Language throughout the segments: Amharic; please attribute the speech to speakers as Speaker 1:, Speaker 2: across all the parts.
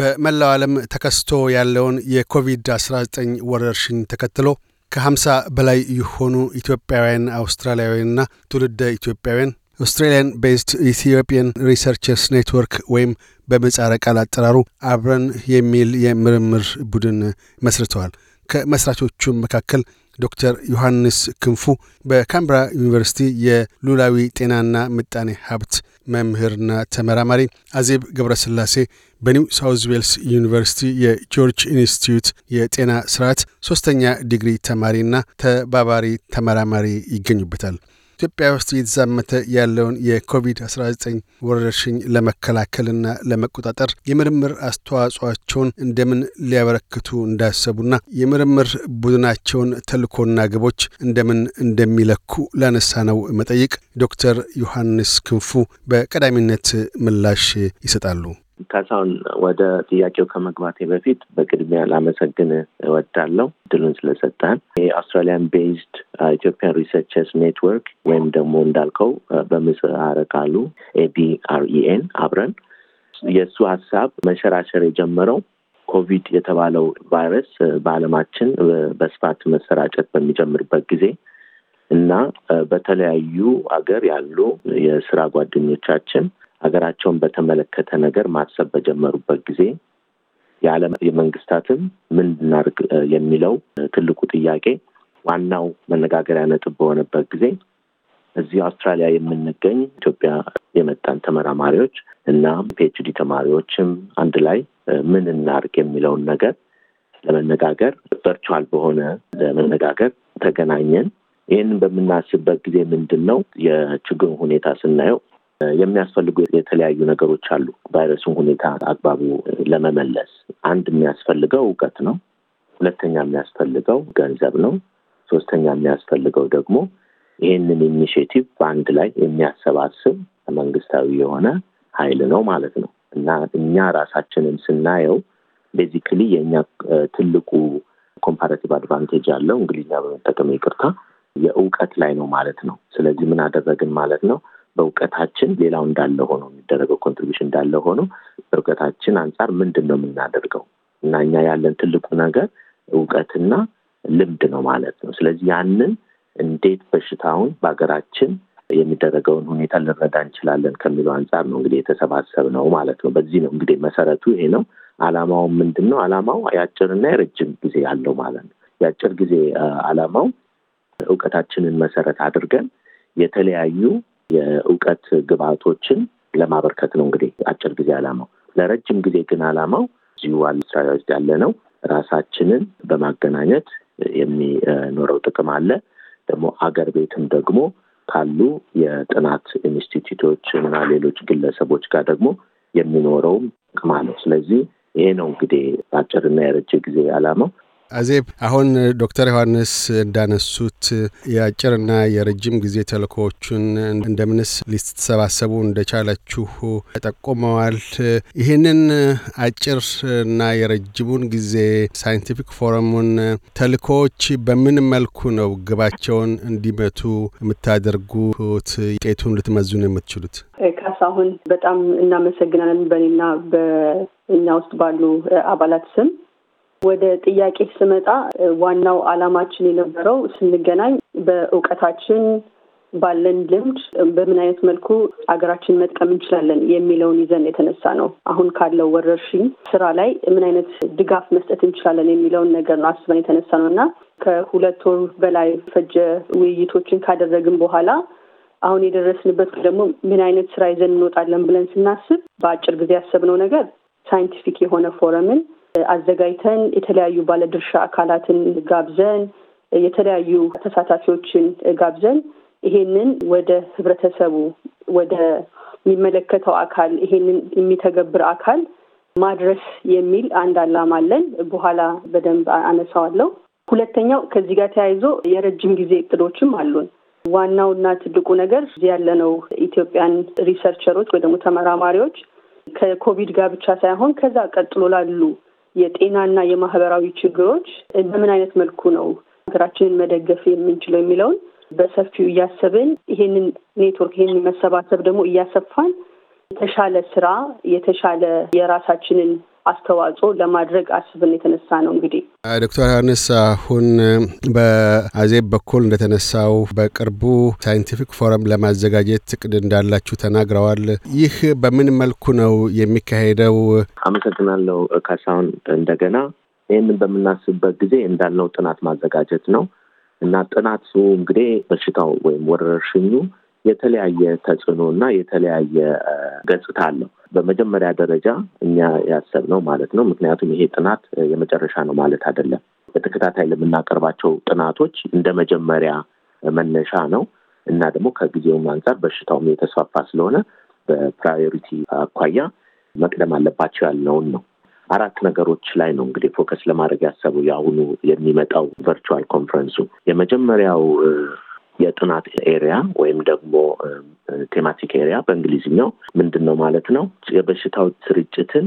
Speaker 1: በመላው ዓለም ተከስቶ ያለውን የኮቪድ-19 ወረርሽኝ ተከትሎ ከ50 በላይ የሆኑ ኢትዮጵያውያን አውስትራሊያውያንና ትውልደ ኢትዮጵያውያን አውስትራሊያን ቤዝድ ኢትዮጵያን ሪሰርቸርስ ኔትወርክ ወይም በምህጻረ ቃል አጠራሩ አብረን የሚል የምርምር ቡድን መስርተዋል። ከመስራቾቹም መካከል ዶክተር ዮሐንስ ክንፉ በካምብራ ዩኒቨርሲቲ የሉላዊ ጤናና ምጣኔ ሀብት መምህርና ተመራማሪ አዜብ ገብረስላሴ በኒው ሳውዝ ዌልስ ዩኒቨርሲቲ የጆርጅ ኢንስቲትዩት የጤና ስርዓት ሶስተኛ ዲግሪ ተማሪና ተባባሪ ተመራማሪ ይገኙበታል። ኢትዮጵያ ውስጥ እየተዛመተ ያለውን የኮቪድ-19 ወረርሽኝ ለመከላከልና ለመቆጣጠር የምርምር አስተዋጽኦቸውን እንደምን ሊያበረክቱ እንዳሰቡና የምርምር ቡድናቸውን ተልኮና ግቦች እንደምን እንደሚለኩ ነው መጠይቅ ዶክተር ዮሐንስ ክንፉ በቀዳሚነት ምላሽ ይሰጣሉ።
Speaker 2: ካሳሁን፣ ወደ ጥያቄው ከመግባቴ በፊት በቅድሚያ ላመሰግን እወዳለሁ ድሉን ስለሰጠን። የአውስትራሊያን ቤዝድ ኢትዮጵያን ሪሰርቸርስ ኔትወርክ ወይም ደግሞ እንዳልከው uh, በምህጻረ ቃሉ ኤቢአርኢኤን e አብረን የእሱ ሀሳብ መሸራሸር የጀመረው ኮቪድ የተባለው ቫይረስ በዓለማችን በስፋት መሰራጨት በሚጀምርበት ጊዜ እና በተለያዩ ሀገር ያሉ የስራ ጓደኞቻችን ሀገራቸውን በተመለከተ ነገር ማሰብ በጀመሩበት ጊዜ የዓለም የመንግስታትም ምን ናርግ የሚለው ትልቁ ጥያቄ ዋናው መነጋገሪያ ነጥብ በሆነበት ጊዜ እዚህ አውስትራሊያ የምንገኝ ኢትዮጵያ የመጣን ተመራማሪዎች እና ፒኤችዲ ተማሪዎችም አንድ ላይ ምን እናርግ የሚለውን ነገር ለመነጋገር ቨርቹዋል በሆነ ለመነጋገር ተገናኘን። ይህንን በምናስብበት ጊዜ ምንድን ነው የችግሩን ሁኔታ ስናየው የሚያስፈልጉ የተለያዩ ነገሮች አሉ። ቫይረሱን ሁኔታ አግባቡ ለመመለስ አንድ የሚያስፈልገው እውቀት ነው። ሁለተኛ የሚያስፈልገው ገንዘብ ነው። ሶስተኛ የሚያስፈልገው ደግሞ ይህንን ኢኒሽቲቭ በአንድ ላይ የሚያሰባስብ መንግስታዊ የሆነ ኃይል ነው ማለት ነው እና እኛ ራሳችንን ስናየው ቤዚክሊ የእኛ ትልቁ ኮምፓራቲቭ አድቫንቴጅ ያለው እንግሊዝኛ በመጠቀም ይቅርታ የእውቀት ላይ ነው ማለት ነው። ስለዚህ ምን አደረግን ማለት ነው? በእውቀታችን ሌላው እንዳለ ሆኖ የሚደረገው ኮንትሪቢሽን እንዳለ ሆኖ በእውቀታችን አንጻር ምንድን ነው የምናደርገው እና እኛ ያለን ትልቁ ነገር እውቀትና ልምድ ነው ማለት ነው። ስለዚህ ያንን እንዴት በሽታውን በሀገራችን የሚደረገውን ሁኔታ ልንረዳ እንችላለን ከሚለው አንጻር ነው እንግዲህ የተሰባሰብ ነው ማለት ነው። በዚህ ነው እንግዲህ መሰረቱ ይሄ ነው። አላማውን ምንድን ነው? አላማው የአጭርና የረጅም ጊዜ ያለው ማለት ነው። የአጭር ጊዜ አላማው እውቀታችንን መሰረት አድርገን የተለያዩ የእውቀት ግብዓቶችን ለማበርከት ነው። እንግዲህ አጭር ጊዜ አላማው፣ ለረጅም ጊዜ ግን አላማው እዚሁ አልስራ ውስጥ ያለ ነው። ራሳችንን በማገናኘት የሚኖረው ጥቅም አለ። ደግሞ አገር ቤትም ደግሞ ካሉ የጥናት ኢንስቲትዩቶች እና ሌሎች ግለሰቦች ጋር ደግሞ የሚኖረውም ጥቅም አለው። ስለዚህ ይሄ ነው እንግዲህ አጭርና የረጅም ጊዜ ዓላማው።
Speaker 1: አዜብ፣ አሁን ዶክተር ዮሐንስ እንዳነሱት የአጭርና የረጅም ጊዜ ተልእኮዎቹን እንደምንስ ሊሰባሰቡ እንደቻላችሁ ጠቁመዋል። ይህንን አጭርና የረጅሙን ጊዜ ሳይንቲፊክ ፎረሙን ተልእኮዎች በምን መልኩ ነው ግባቸውን እንዲመቱ የምታደርጉት? ውጤቱን ልትመዙን የምትችሉት?
Speaker 3: ካሳሁን፣ በጣም እናመሰግናለን በእኔና በእኛ ውስጥ ባሉ አባላት ስም ወደ ጥያቄ ስመጣ ዋናው አላማችን የነበረው ስንገናኝ በእውቀታችን ባለን ልምድ በምን አይነት መልኩ አገራችን መጥቀም እንችላለን የሚለውን ይዘን የተነሳ ነው። አሁን ካለው ወረርሽኝ ስራ ላይ ምን አይነት ድጋፍ መስጠት እንችላለን የሚለውን ነገር ነው አስበን የተነሳ ነው እና ከሁለት ወር በላይ ፈጀ ውይይቶችን ካደረግን በኋላ አሁን የደረስንበት ደግሞ ምን አይነት ስራ ይዘን እንወጣለን ብለን ስናስብ በአጭር ጊዜ ያሰብነው ነገር ሳይንቲፊክ የሆነ ፎረምን አዘጋጅተን የተለያዩ ባለድርሻ አካላትን ጋብዘን የተለያዩ ተሳታፊዎችን ጋብዘን ይሄንን ወደ ህብረተሰቡ ወደ የሚመለከተው አካል ይሄንን የሚተገብር አካል ማድረስ የሚል አንድ አላማ አለን። በኋላ በደንብ አነሳዋለሁ። ሁለተኛው ከዚህ ጋር ተያይዞ የረጅም ጊዜ እቅዶችም አሉን። ዋናውና ትልቁ ነገር እዚህ ያለነው ኢትዮጵያን ሪሰርቸሮች ወይ ደግሞ ተመራማሪዎች ከኮቪድ ጋር ብቻ ሳይሆን ከዛ ቀጥሎ ላሉ የጤናና የማህበራዊ ችግሮች በምን አይነት መልኩ ነው ሀገራችንን መደገፍ የምንችለው የሚለውን በሰፊው እያሰብን ይሄንን ኔትወርክ ይሄንን መሰባሰብ ደግሞ እያሰፋን የተሻለ ስራ የተሻለ የራሳችንን አስተዋጽኦ ለማድረግ አስብን የተነሳ ነው። እንግዲህ
Speaker 1: ዶክተር ዮሐንስ አሁን በአዜብ በኩል እንደተነሳው በቅርቡ ሳይንቲፊክ ፎረም ለማዘጋጀት እቅድ እንዳላችሁ ተናግረዋል።
Speaker 2: ይህ በምን መልኩ ነው የሚካሄደው? አመሰግናለሁ ካሳሁን። እንደገና ይህንን በምናስብበት ጊዜ እንዳልነው ጥናት ማዘጋጀት ነው እና ጥናቱ እንግዲህ በሽታው ወይም ወረርሽኙ የተለያየ ተጽዕኖ እና የተለያየ ገጽታ አለው በመጀመሪያ ደረጃ እኛ ያሰብነው ማለት ነው። ምክንያቱም ይሄ ጥናት የመጨረሻ ነው ማለት አይደለም። በተከታታይ ለምናቀርባቸው ጥናቶች እንደ መጀመሪያ መነሻ ነው እና ደግሞ ከጊዜውም አንጻር በሽታውም የተስፋፋ ስለሆነ በፕራዮሪቲ አኳያ መቅደም አለባቸው ያልነውን ነው። አራት ነገሮች ላይ ነው እንግዲህ ፎከስ ለማድረግ ያሰቡ የአሁኑ የሚመጣው ቨርቹዋል ኮንፈረንሱ የመጀመሪያው የጥናት ኤሪያ ወይም ደግሞ ቴማቲክ ኤሪያ በእንግሊዝኛው ምንድን ነው ማለት ነው? የበሽታው ስርጭትን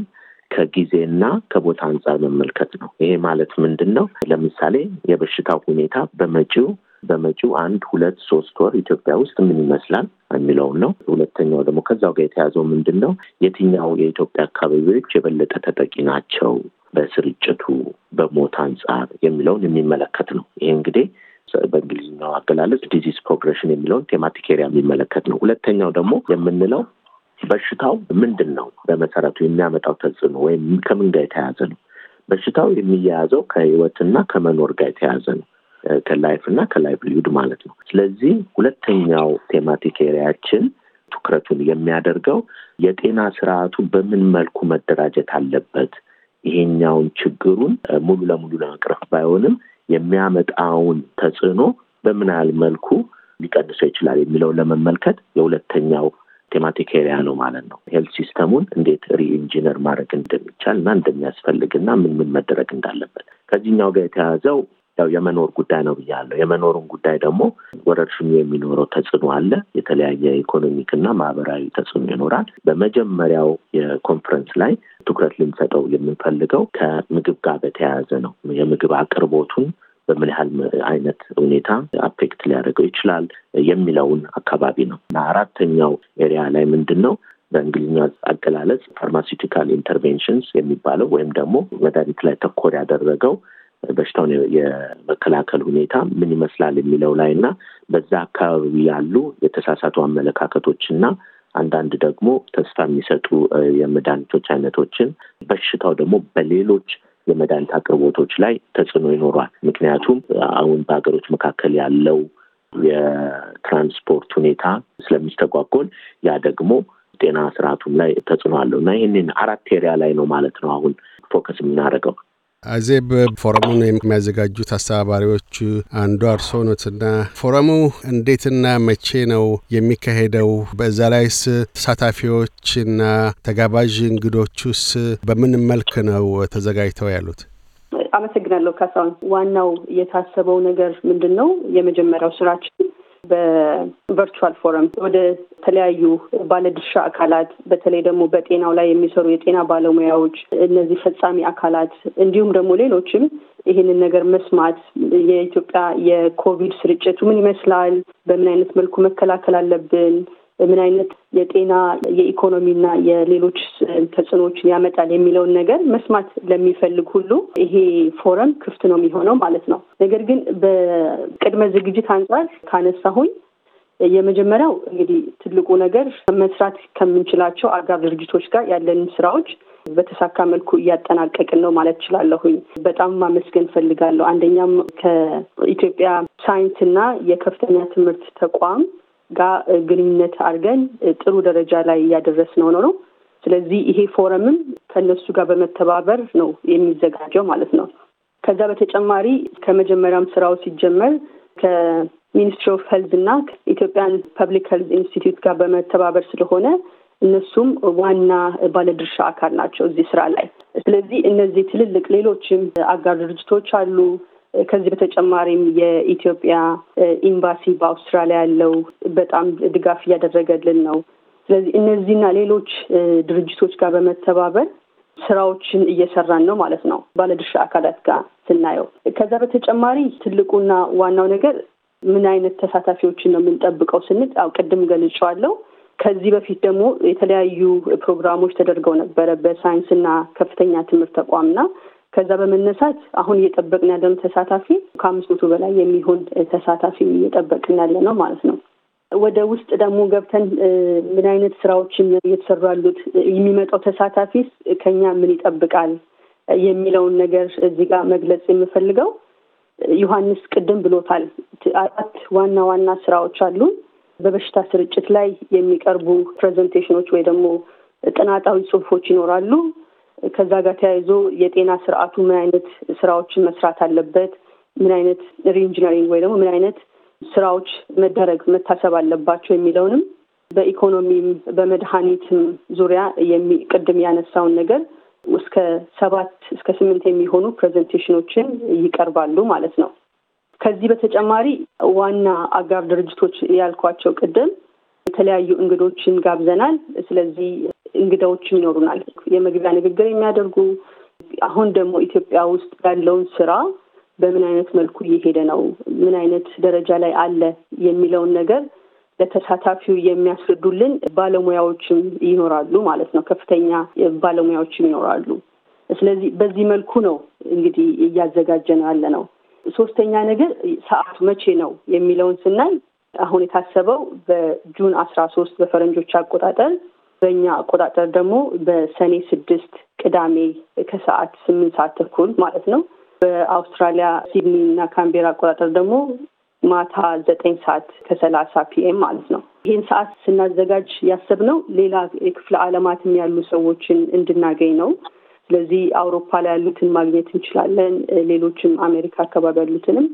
Speaker 2: ከጊዜና ከቦታ አንጻር መመልከት ነው። ይሄ ማለት ምንድን ነው? ለምሳሌ የበሽታው ሁኔታ በመጪው በመጪው አንድ ሁለት ሶስት ወር ኢትዮጵያ ውስጥ ምን ይመስላል የሚለውን ነው። ሁለተኛው ደግሞ ከዛው ጋር የተያዘው ምንድን ነው? የትኛው የኢትዮጵያ አካባቢዎች የበለጠ ተጠቂ ናቸው በስርጭቱ በሞት አንጻር የሚለውን የሚመለከት ነው። ይህ እንግዲህ በእንግሊዝኛው አገላለጽ ዲዚዝ ፕሮግሬሽን የሚለውን ቴማቲክ ኤሪያ የሚመለከት ነው። ሁለተኛው ደግሞ የምንለው በሽታው ምንድን ነው በመሰረቱ የሚያመጣው ተጽዕኖ ወይም ከምን ጋር የተያያዘ ነው። በሽታው የሚያያዘው ከህይወትና ከመኖር ጋር የተያያዘ ነው። ከላይፍ እና ከላይቭሊሁድ ማለት ነው። ስለዚህ ሁለተኛው ቴማቲክ ኤሪያችን ትኩረቱን የሚያደርገው የጤና ስርዓቱ በምን መልኩ መደራጀት አለበት፣ ይሄኛውን ችግሩን ሙሉ ለሙሉ ለመቅረፍ ባይሆንም የሚያመጣውን ተጽዕኖ በምን ያህል መልኩ ሊቀንሰው ይችላል የሚለውን ለመመልከት የሁለተኛው ቴማቲክ ኤሪያ ነው ማለት ነው። ሄልት ሲስተሙን እንዴት ሪኢንጂነር ማድረግ እንደሚቻል እና እንደሚያስፈልግ እና ምን ምን መደረግ እንዳለበት ከዚህኛው ጋር የተያያዘው ያው የመኖር ጉዳይ ነው ብያለሁ። የመኖሩን ጉዳይ ደግሞ ወረርሽኙ የሚኖረው ተጽዕኖ አለ። የተለያየ ኢኮኖሚክና ማህበራዊ ተጽዕኖ ይኖራል። በመጀመሪያው የኮንፈረንስ ላይ ትኩረት ልንሰጠው የምንፈልገው ከምግብ ጋር በተያያዘ ነው። የምግብ አቅርቦቱን በምን ያህል አይነት ሁኔታ አፌክት ሊያደርገው ይችላል የሚለውን አካባቢ ነው እና አራተኛው ኤሪያ ላይ ምንድን ነው በእንግሊዝኛ አገላለጽ ፋርማሲውቲካል ኢንተርቬንሽንስ የሚባለው ወይም ደግሞ መድኃኒት ላይ ተኮር ያደረገው በሽታውን የመከላከል ሁኔታ ምን ይመስላል የሚለው ላይ እና በዛ አካባቢ ያሉ የተሳሳቱ አመለካከቶች እና አንዳንድ ደግሞ ተስፋ የሚሰጡ የመድኃኒቶች አይነቶችን በሽታው ደግሞ በሌሎች የመድኃኒት አቅርቦቶች ላይ ተጽዕኖ ይኖሯል። ምክንያቱም አሁን በሀገሮች መካከል ያለው የትራንስፖርት ሁኔታ ስለሚስተጓጎል ያ ደግሞ ጤና ስርዓቱም ላይ ተጽዕኖ አለው እና ይህንን አራት ኤሪያ ላይ ነው ማለት ነው አሁን ፎከስ የምናደርገው
Speaker 1: አዜብ ፎረሙን የሚያዘጋጁት አስተባባሪዎች አንዱ አርሶ ኖትና ፎረሙ እንዴትና መቼ ነው የሚካሄደው? በዛ ላይስ ተሳታፊዎችና ተጋባዥ እንግዶቹስ በምን መልክ ነው ተዘጋጅተው ያሉት?
Speaker 3: አመሰግናለሁ ካሳሁን። ዋናው የታሰበው ነገር ምንድን ነው? የመጀመሪያው ስራችን በቨርቹዋል ፎረም ወደ ተለያዩ ባለድርሻ አካላት በተለይ ደግሞ በጤናው ላይ የሚሰሩ የጤና ባለሙያዎች፣ እነዚህ ፈጻሚ አካላት እንዲሁም ደግሞ ሌሎችም ይህንን ነገር መስማት የኢትዮጵያ የኮቪድ ስርጭቱ ምን ይመስላል፣ በምን አይነት መልኩ መከላከል አለብን ምን አይነት የጤና የኢኮኖሚና የሌሎች ተጽዕኖዎችን ያመጣል የሚለውን ነገር መስማት ለሚፈልግ ሁሉ ይሄ ፎረም ክፍት ነው የሚሆነው ማለት ነው። ነገር ግን በቅድመ ዝግጅት አንጻር ካነሳሁኝ የመጀመሪያው እንግዲህ ትልቁ ነገር መስራት ከምንችላቸው አጋር ድርጅቶች ጋር ያለን ስራዎች በተሳካ መልኩ እያጠናቀቅን ነው ማለት እችላለሁኝ። በጣም ማመስገን ፈልጋለሁ። አንደኛም ከኢትዮጵያ ሳይንስና የከፍተኛ ትምህርት ተቋም ጋር ግንኙነት አድርገን ጥሩ ደረጃ ላይ እያደረስነው ነው። ስለዚህ ይሄ ፎረምም ከእነሱ ጋር በመተባበር ነው የሚዘጋጀው ማለት ነው። ከዛ በተጨማሪ ከመጀመሪያም ስራው ሲጀመር ከሚኒስትሪ ኦፍ ሄልዝ እና ኢትዮጵያን ፐብሊክ ሄልዝ ኢንስቲትዩት ጋር በመተባበር ስለሆነ እነሱም ዋና ባለድርሻ አካል ናቸው እዚህ ስራ ላይ። ስለዚህ እነዚህ ትልልቅ ሌሎችም አጋር ድርጅቶች አሉ። ከዚህ በተጨማሪም የኢትዮጵያ ኤምባሲ በአውስትራሊያ ያለው በጣም ድጋፍ እያደረገልን ነው። ስለዚህ እነዚህና ሌሎች ድርጅቶች ጋር በመተባበር ስራዎችን እየሰራን ነው ማለት ነው ባለድርሻ አካላት ጋር ስናየው። ከዛ በተጨማሪ ትልቁና ዋናው ነገር ምን አይነት ተሳታፊዎችን ነው የምንጠብቀው ስንል ያው ቅድም ገልጫዋለው። ከዚህ በፊት ደግሞ የተለያዩ ፕሮግራሞች ተደርገው ነበረ በሳይንስና ከፍተኛ ትምህርት ተቋምና ከዛ በመነሳት አሁን እየጠበቅን ያለነው ተሳታፊ ከአምስት መቶ በላይ የሚሆን ተሳታፊ እየጠበቅን ያለ ነው ማለት ነው። ወደ ውስጥ ደግሞ ገብተን ምን አይነት ስራዎችን እየተሰሩ ያሉት የሚመጣው ተሳታፊስ ከኛ ምን ይጠብቃል የሚለውን ነገር እዚህ ጋር መግለጽ የምፈልገው ዮሐንስ ቅድም ብሎታል። አራት ዋና ዋና ስራዎች አሉ። በበሽታ ስርጭት ላይ የሚቀርቡ ፕሬዘንቴሽኖች ወይ ደግሞ ጥናታዊ ጽሁፎች ይኖራሉ። ከዛ ጋር ተያይዞ የጤና ስርዓቱ ምን አይነት ስራዎችን መስራት አለበት፣ ምን አይነት ሪኢንጂነሪንግ ወይ ደግሞ ምን አይነት ስራዎች መደረግ መታሰብ አለባቸው የሚለውንም በኢኮኖሚም በመድኃኒትም ዙሪያ ቅድም ያነሳውን ነገር እስከ ሰባት እስከ ስምንት የሚሆኑ ፕሬዘንቴሽኖችን ይቀርባሉ ማለት ነው። ከዚህ በተጨማሪ ዋና አጋር ድርጅቶች ያልኳቸው ቅድም የተለያዩ እንግዶችን ጋብዘናል። ስለዚህ እንግዳዎችም ይኖሩናል፣ የመግቢያ ንግግር የሚያደርጉ አሁን ደግሞ ኢትዮጵያ ውስጥ ያለውን ስራ በምን አይነት መልኩ እየሄደ ነው፣ ምን አይነት ደረጃ ላይ አለ የሚለውን ነገር ለተሳታፊው የሚያስረዱልን ባለሙያዎችም ይኖራሉ ማለት ነው። ከፍተኛ ባለሙያዎችም ይኖራሉ። ስለዚህ በዚህ መልኩ ነው እንግዲህ እያዘጋጀ ነው ያለ ነው። ሶስተኛ ነገር ሰዓቱ መቼ ነው የሚለውን ስናይ አሁን የታሰበው በጁን አስራ ሶስት በፈረንጆች አቆጣጠር በእኛ አቆጣጠር ደግሞ በሰኔ ስድስት ቅዳሜ ከሰዓት ስምንት ሰዓት ተኩል ማለት ነው በአውስትራሊያ ሲድኒ እና ካምቤራ አቆጣጠር ደግሞ ማታ ዘጠኝ ሰዓት ከሰላሳ ፒኤም ማለት ነው። ይህን ሰዓት ስናዘጋጅ ያሰብነው ሌላ የክፍለ ዓለማትም ያሉ ሰዎችን እንድናገኝ ነው። ስለዚህ አውሮፓ ላይ ያሉትን ማግኘት እንችላለን፣ ሌሎችም አሜሪካ አካባቢ ያሉትንም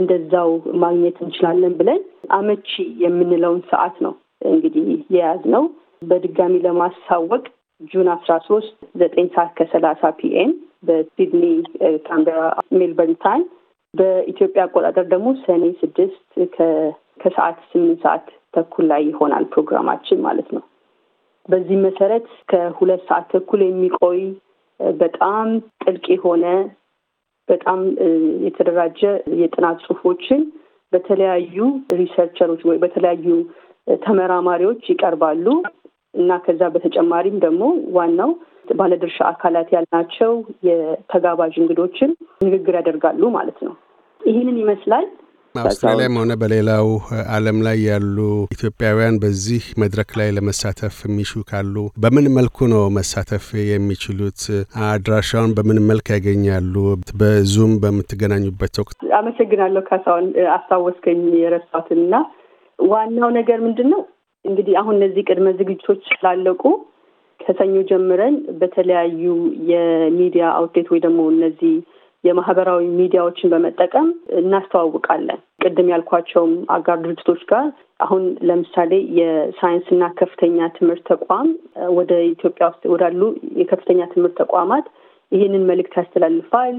Speaker 3: እንደዛው ማግኘት እንችላለን ብለን አመቺ የምንለውን ሰዓት ነው እንግዲህ የያዝነው። በድጋሚ ለማሳወቅ ጁን አስራ ሶስት ዘጠኝ ሰዓት ከሰላሳ ፒኤም በሲድኒ ካምቤራ፣ ሜልበርን ታይም በኢትዮጵያ አቆጣጠር ደግሞ ሰኔ ስድስት ከሰዓት ስምንት ሰዓት ተኩል ላይ ይሆናል ፕሮግራማችን ማለት ነው። በዚህ መሰረት ከሁለት ሰዓት ተኩል የሚቆይ በጣም ጥልቅ የሆነ በጣም የተደራጀ የጥናት ጽሁፎችን በተለያዩ ሪሰርቸሮች ወይ በተለያዩ ተመራማሪዎች ይቀርባሉ። እና ከዛ በተጨማሪም ደግሞ ዋናው ባለድርሻ አካላት ያልናቸው የተጋባዥ እንግዶችን ንግግር ያደርጋሉ ማለት ነው። ይህንን ይመስላል።
Speaker 1: አውስትራሊያም ሆነ በሌላው ዓለም ላይ ያሉ ኢትዮጵያውያን በዚህ መድረክ ላይ ለመሳተፍ የሚሹ ካሉ በምን መልኩ ነው መሳተፍ የሚችሉት? አድራሻውን በምን መልክ ያገኛሉ? በዙም በምትገናኙበት ወቅት።
Speaker 3: አመሰግናለሁ ካሳሁን፣ አስታወስከኝ የረሳሁትን እና ዋናው ነገር ምንድን ነው እንግዲህ አሁን እነዚህ ቅድመ ዝግጅቶች ስላለቁ ከሰኞ ጀምረን በተለያዩ የሚዲያ አውትሌት ወይ ደግሞ እነዚህ የማህበራዊ ሚዲያዎችን በመጠቀም እናስተዋውቃለን። ቅድም ያልኳቸውም አጋር ድርጅቶች ጋር አሁን ለምሳሌ የሳይንስና ከፍተኛ ትምህርት ተቋም ወደ ኢትዮጵያ ውስጥ ወዳሉ የከፍተኛ ትምህርት ተቋማት ይህንን መልእክት ያስተላልፋል።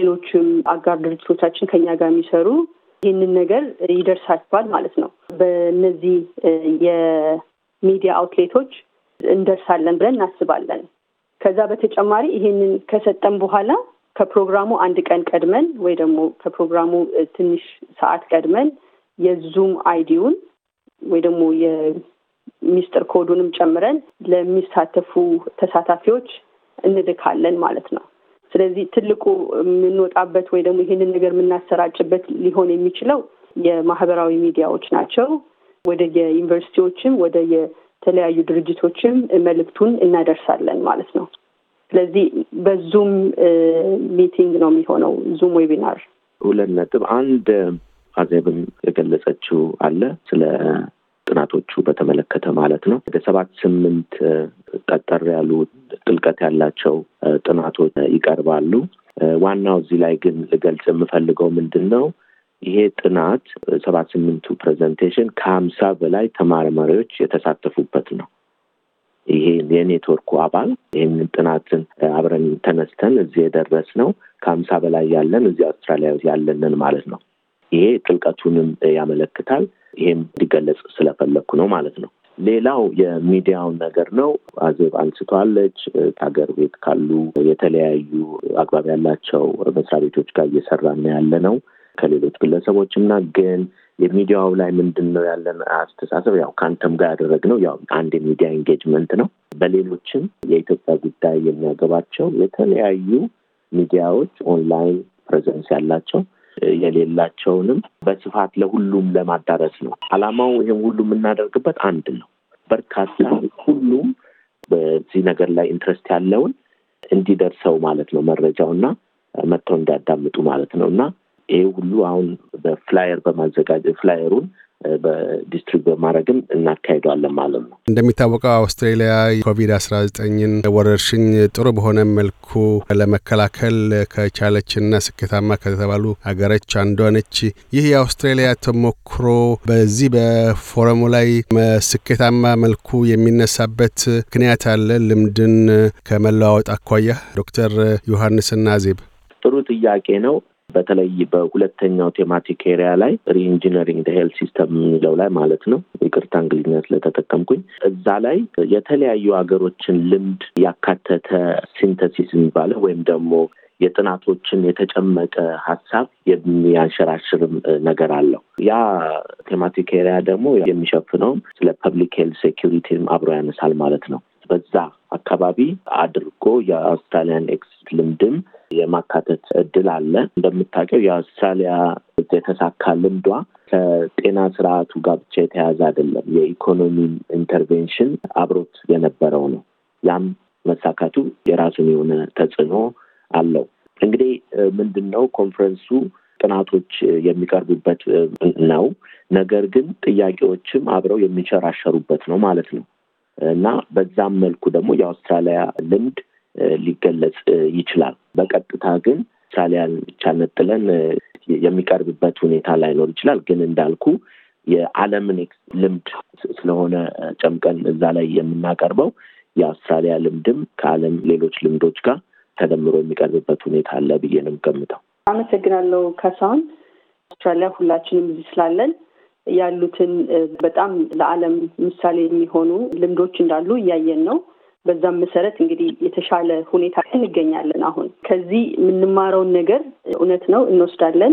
Speaker 3: ሌሎችም አጋር ድርጅቶቻችን ከኛ ጋር የሚሰሩ ይህንን ነገር ይደርሳቸዋል ማለት ነው። በእነዚህ የሚዲያ አውትሌቶች እንደርሳለን ብለን እናስባለን። ከዛ በተጨማሪ ይሄንን ከሰጠን በኋላ ከፕሮግራሙ አንድ ቀን ቀድመን ወይ ደግሞ ከፕሮግራሙ ትንሽ ሰዓት ቀድመን የዙም አይዲውን ወይ ደግሞ የሚስጥር ኮዱንም ጨምረን ለሚሳተፉ ተሳታፊዎች እንልካለን ማለት ነው። ስለዚህ ትልቁ የምንወጣበት ወይ ደግሞ ይህንን ነገር የምናሰራጭበት ሊሆን የሚችለው የማህበራዊ ሚዲያዎች ናቸው። ወደ የዩኒቨርሲቲዎችም ወደ የተለያዩ ድርጅቶችም መልእክቱን እናደርሳለን ማለት ነው። ስለዚህ በዙም ሚቲንግ ነው የሚሆነው፣ ዙም ዌቢናር።
Speaker 2: ሁለት ነጥብ አንድ አዜብም የገለጸችው አለ ስለ ጥናቶቹ በተመለከተ ማለት ነው። ወደ ሰባት ስምንት ጠጠር ያሉ ጥልቀት ያላቸው ጥናቶች ይቀርባሉ። ዋናው እዚህ ላይ ግን ልገልጽ የምፈልገው ምንድን ነው ይሄ ጥናት ሰባት ስምንቱ ፕሬዘንቴሽን ከሀምሳ በላይ ተማርማሪዎች የተሳተፉበት ነው። ይሄ የኔትወርኩ አባል ይህንን ጥናትን አብረን ተነስተን እዚህ የደረስ ነው። ከሀምሳ በላይ ያለን እዚህ አውስትራሊያ ያለንን ማለት ነው። ይሄ ጥልቀቱንም ያመለክታል። ይሄም እንዲገለጽ ስለፈለግኩ ነው ማለት ነው። ሌላው የሚዲያውን ነገር ነው። አዜብ አንስቷለች። ሀገር ቤት ካሉ የተለያዩ አግባብ ያላቸው መስሪያ ቤቶች ጋር እየሰራ ያለ ነው። ከሌሎች ግለሰቦችና ግን የሚዲያው ላይ ምንድን ነው ያለን አስተሳሰብ? ያው ከአንተም ጋር ያደረግነው ያው አንድ የሚዲያ ኤንጌጅመንት ነው። በሌሎችም የኢትዮጵያ ጉዳይ የሚያገባቸው የተለያዩ ሚዲያዎች ኦንላይን ፕሬዘንስ ያላቸው የሌላቸውንም በስፋት ለሁሉም ለማዳረስ ነው አላማው። ይህም ሁሉ የምናደርግበት አንድ ነው። በርካታ ሁሉም በዚህ ነገር ላይ ኢንትረስት ያለውን እንዲደርሰው ማለት ነው መረጃው እና መጥተው እንዲያዳምጡ ማለት ነው እና ይሄ ሁሉ አሁን በፍላየር በማዘጋጀት ፍላየሩን በዲስትሪክት በማድረግም እናካሄደዋለን ማለት ነው።
Speaker 1: እንደሚታወቀው አውስትሬሊያ ኮቪድ አስራ ዘጠኝን ወረርሽኝ ጥሩ በሆነ መልኩ ለመከላከል ከቻለችና ስኬታማ ከተባሉ ሀገሮች አንዷ ነች። ይህ የአውስትሬሊያ ተሞክሮ በዚህ በፎረሙ ላይ ስኬታማ መልኩ የሚነሳበት ምክንያት አለ። ልምድን ከመለዋወጥ አኳያ ዶክተር ዮሐንስና ዜብ
Speaker 2: ጥሩ ጥያቄ ነው። በተለይ በሁለተኛው ቴማቲክ ኤሪያ ላይ ሪኢንጂነሪንግ ሄልት ሲስተም የሚለው ላይ ማለት ነው። ይቅርታ እንግሊዝኛ ስለተጠቀምኩኝ እዛ ላይ የተለያዩ ሀገሮችን ልምድ ያካተተ ሲንተሲስ የሚባለ ወይም ደግሞ የጥናቶችን የተጨመቀ ሀሳብ የሚያንሸራሽርም ነገር አለው። ያ ቴማቲክ ኤሪያ ደግሞ የሚሸፍነውም ስለ ፐብሊክ ሄልት ሴኪሪቲም አብሮ ያነሳል ማለት ነው። በዛ አካባቢ አድርጎ የአውስትራሊያን ኤክስ ልምድም የማካተት እድል አለ። እንደምታውቀው የአውስትራሊያ የተሳካ ልምዷ ከጤና ስርዓቱ ጋር ብቻ የተያያዘ አይደለም። የኢኮኖሚ ኢንተርቬንሽን አብሮት የነበረው ነው። ያም መሳካቱ የራሱን የሆነ ተጽዕኖ አለው። እንግዲህ ምንድን ነው ኮንፈረንሱ ጥናቶች የሚቀርቡበት ነው። ነገር ግን ጥያቄዎችም አብረው የሚንሸራሸሩበት ነው ማለት ነው እና በዛም መልኩ ደግሞ የአውስትራሊያ ልምድ ሊገለጽ ይችላል። በቀጥታ ግን ሳሊያን ብቻ ነጥለን የሚቀርብበት ሁኔታ ላይኖር ይችላል። ግን እንዳልኩ የዓለምን ልምድ ስለሆነ ጨምቀን እዛ ላይ የምናቀርበው የአውስትራሊያ ልምድም ከዓለም ሌሎች ልምዶች ጋር ተደምሮ የሚቀርብበት ሁኔታ አለ ብዬ ነው ገምተው።
Speaker 3: አመሰግናለሁ ከሳሁን አውስትራሊያ ሁላችንም እዚህ ስላለን ያሉትን በጣም ለዓለም ምሳሌ የሚሆኑ ልምዶች እንዳሉ እያየን ነው። በዛም መሰረት እንግዲህ የተሻለ ሁኔታ እንገኛለን። አሁን ከዚህ የምንማረውን ነገር እውነት ነው እንወስዳለን።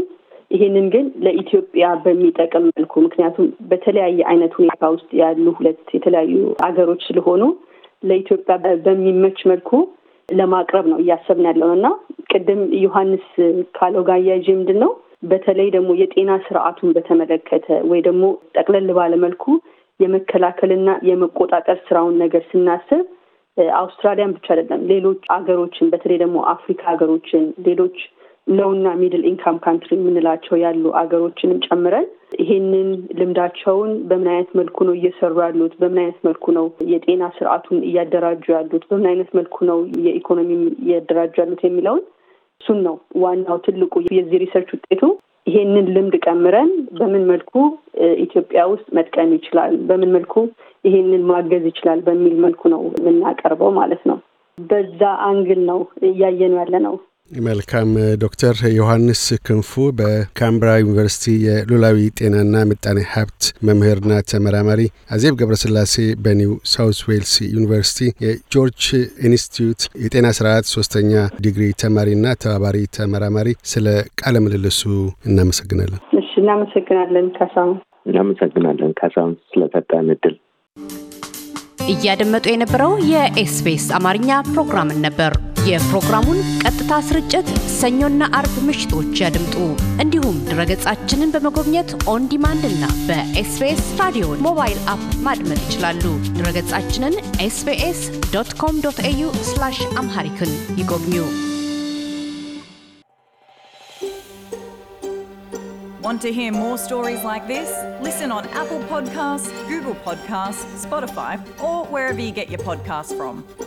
Speaker 3: ይሄንን ግን ለኢትዮጵያ በሚጠቅም መልኩ ምክንያቱም በተለያየ አይነት ሁኔታ ውስጥ ያሉ ሁለት የተለያዩ አገሮች ስለሆኑ ለኢትዮጵያ በሚመች መልኩ ለማቅረብ ነው እያሰብን ያለው እና ቅድም ዮሐንስ ካለው ጋር አያይዤ ምንድን ነው በተለይ ደግሞ የጤና ስርዓቱን በተመለከተ ወይ ደግሞ ጠቅለል ባለ መልኩ የመከላከልና የመቆጣጠር ስራውን ነገር ስናስብ አውስትራሊያን ብቻ አይደለም፣ ሌሎች አገሮችን በተለይ ደግሞ አፍሪካ ሀገሮችን ሌሎች ሎውና ሚድል ኢንካም ካንትሪ የምንላቸው ያሉ አገሮችንም ጨምረን ይሄንን ልምዳቸውን በምን አይነት መልኩ ነው እየሰሩ ያሉት? በምን አይነት መልኩ ነው የጤና ስርዓቱን እያደራጁ ያሉት? በምን አይነት መልኩ ነው የኢኮኖሚ እያደራጁ ያሉት የሚለውን እሱን ነው ዋናው ትልቁ የዚህ ሪሰርች ውጤቱ። ይሄንን ልምድ ቀምረን በምን መልኩ ኢትዮጵያ ውስጥ መጥቀም ይችላል፣ በምን መልኩ ይሄንን ማገዝ ይችላል በሚል መልኩ ነው የምናቀርበው ማለት ነው። በዛ አንግል ነው እያየን ያለ ነው።
Speaker 1: መልካም ዶክተር ዮሐንስ ክንፉ በካምብራ ዩኒቨርሲቲ የሉላዊ ጤናና ምጣኔ ሀብት መምህርና ተመራማሪ፣ አዜብ ገብረስላሴ በኒው ሳውስ ዌልስ ዩኒቨርሲቲ የጆርጅ ኢንስቲትዩት የጤና ስርዓት ሶስተኛ ዲግሪ ተማሪና ተባባሪ ተመራማሪ፣ ስለ ቃለ ምልልሱ እናመሰግናለን።
Speaker 3: እሺ፣ እናመሰግናለን ካሳሁን።
Speaker 2: እናመሰግናለን ካሳሁን ስለሰጠን እድል።
Speaker 3: እያደመጡ የነበረው የኤስፔስ አማርኛ ፕሮግራምን ነበር። የፕሮግራሙን ቀጥ በቀጥታ ስርጭት ሰኞና አርብ ምሽቶች ያድምጡ። እንዲሁም ድረገጻችንን በመጎብኘት ኦን ዲማንድ እና ራዲዮ ሞባይል አፕ ማድመጥ ይችላሉ። ድረገጻችንን ዶት ኮም ዶት ኤዩ አምሃሪክን ይጎብኙ። Want to hear more stories like this? Listen on Apple Podcasts, Google Podcasts, Spotify, or wherever you get your podcasts from.